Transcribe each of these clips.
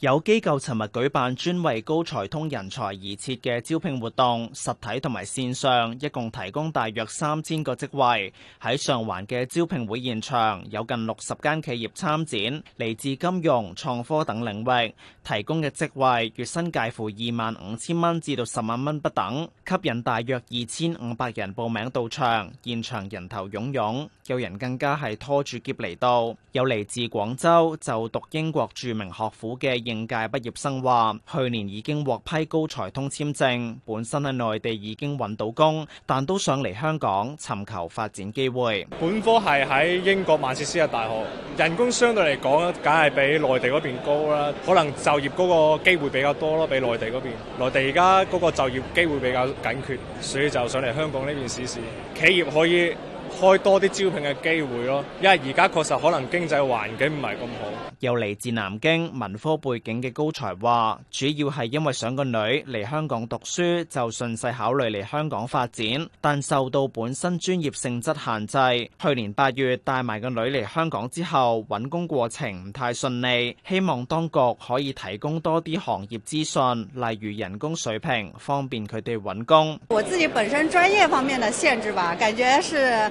有機構尋日舉辦專為高才通人才而設嘅招聘活動，實體同埋線上一共提供大約三千個職位。喺上環嘅招聘會現場，有近六十間企業參展，嚟自金融、創科等領域，提供嘅職位月薪介乎二萬五千蚊至到十萬蚊不等，吸引大約二千五百人報名到場。現場人頭湧湧，有人更加係拖住喼嚟到，有嚟自廣州就讀英國著名學府嘅。應屆畢業生話，去年已經獲批高才通簽證，本身喺內地已經揾到工，但都想嚟香港尋求發展機會。本科係喺英國曼徹斯特大學，人工相對嚟講梗係比內地嗰邊高啦，可能就業嗰個機會比較多咯，比內地嗰邊。內地而家嗰個就業機會比較緊缺，所以就想嚟香港呢邊試試。企業可以，開多啲招聘嘅機會咯，因為而家確實可能經濟環境唔係咁好。有嚟自南京文科背景嘅高才話，主要係因為想個女嚟香港讀書，就順勢考慮嚟香港發展，但受到本身專業性質限制。去年八月帶埋個女嚟香港之後，揾工過程唔太順利，希望當局可以提供多啲行業資訊，例如人工水平，方便佢哋揾工。我自己本身專業方面嘅限制吧，感覺是。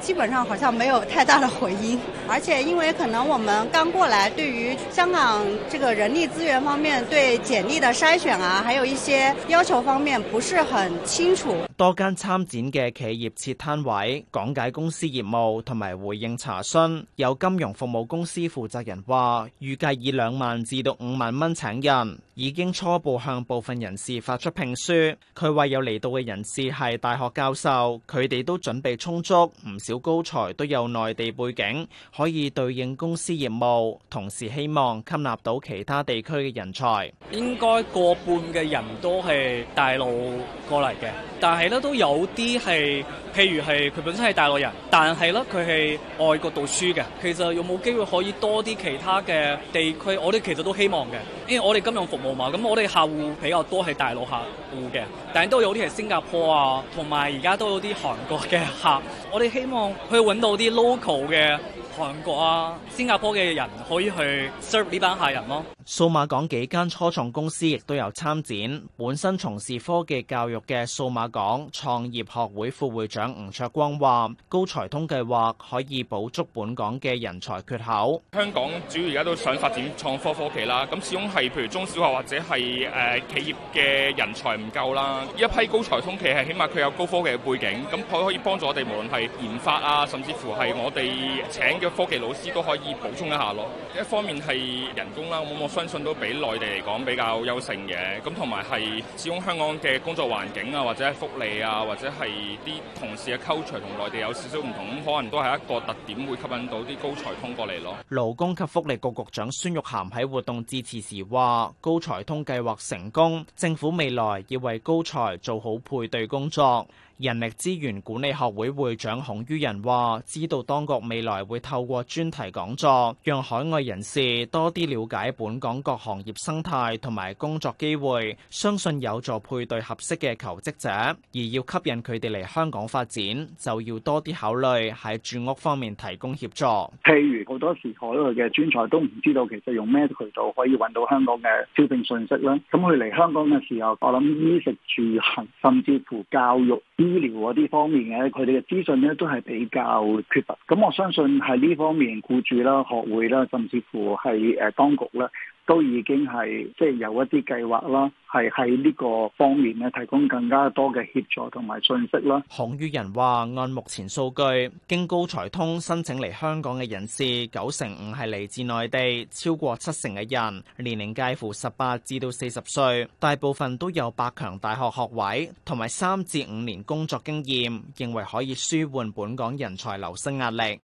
基本上好像沒有太大的回音，而且因為可能我們剛過來，對於香港這個人力資源方面對簡歷的篩選啊，還有一些要求方面不是很清楚。多間參展嘅企業設攤位，講解公司業務同埋回應查詢。有金融服務公司負責人話，預計以兩萬至到五萬蚊請人，已經初步向部分人士發出聘書。佢話有嚟到嘅人士係大學教授，佢哋都準備充足，唔少。高才都有內地背景，可以對應公司業務，同時希望吸納到其他地區嘅人才。應該過半嘅人都係大陸過嚟嘅，但係咧都有啲係譬如係佢本身係大陸人，但係咧佢係外國讀書嘅。其實有冇機會可以多啲其他嘅地區，我哋其實都希望嘅，因為我哋金融服務嘛，咁我哋客戶比較多係大陸客戶嘅，但係都有啲係新加坡啊，同埋而家都有啲韓國嘅客，我哋希望。希望揾到啲 local 嘅韓國啊、新加坡嘅人可以去 serve 呢班客人咯。數碼港幾間初創公司亦都有參展。本身從事科技教育嘅數碼港創業學會副會長吳卓光話，高才通計劃可以補足本港嘅人才缺口。香港主要而家都想發展創科科技啦，咁始終係譬如中小學或者係誒企業嘅人才唔夠啦。一批高才通，其實係起碼佢有高科技嘅背景，咁佢可以幫助我哋，無論係研發啊，甚至乎係我哋請嘅科技老師都可以補充一下咯。一方面係人工啦，咁冇相信都比內地嚟講比較優勝嘅，咁同埋係始終香港嘅工作環境啊，或者福利啊，或者係啲同事嘅溝通，同內地有少少唔同，可能都係一個特點，會吸引到啲高才通過嚟咯。勞工及福利局局長孫玉菡喺活動致辭時話：高才通計劃成功，政府未來要為高才做好配對工作。人力資源管理學會會長孔于人話：知道當局未來會透過專題講座，讓海外人士多啲了解本港各行業生態同埋工作機會，相信有助配對合適嘅求職者。而要吸引佢哋嚟香港發展，就要多啲考慮喺住屋方面提供協助。譬如好多時海外嘅專才都唔知道，其實用咩渠道可以搵到香港嘅招聘信息啦。咁佢嚟香港嘅時候，我諗衣食住行，甚至乎教育、醫療嗰啲方面嘅，佢哋嘅資訊咧都係比較缺乏。咁我相信喺呢方面，僱主啦、學會啦，甚至乎係誒當局啦。都已經係即係有一啲計劃啦，係喺呢個方面呢，提供更加多嘅協助同埋信息啦。孔于仁話：按目前數據，經高才通申請嚟香港嘅人士，九成五係嚟自內地，超過七成嘅人年齡介乎十八至到四十歲，大部分都有百強大學學位同埋三至五年工作經驗，認為可以舒緩本港人才流失壓力。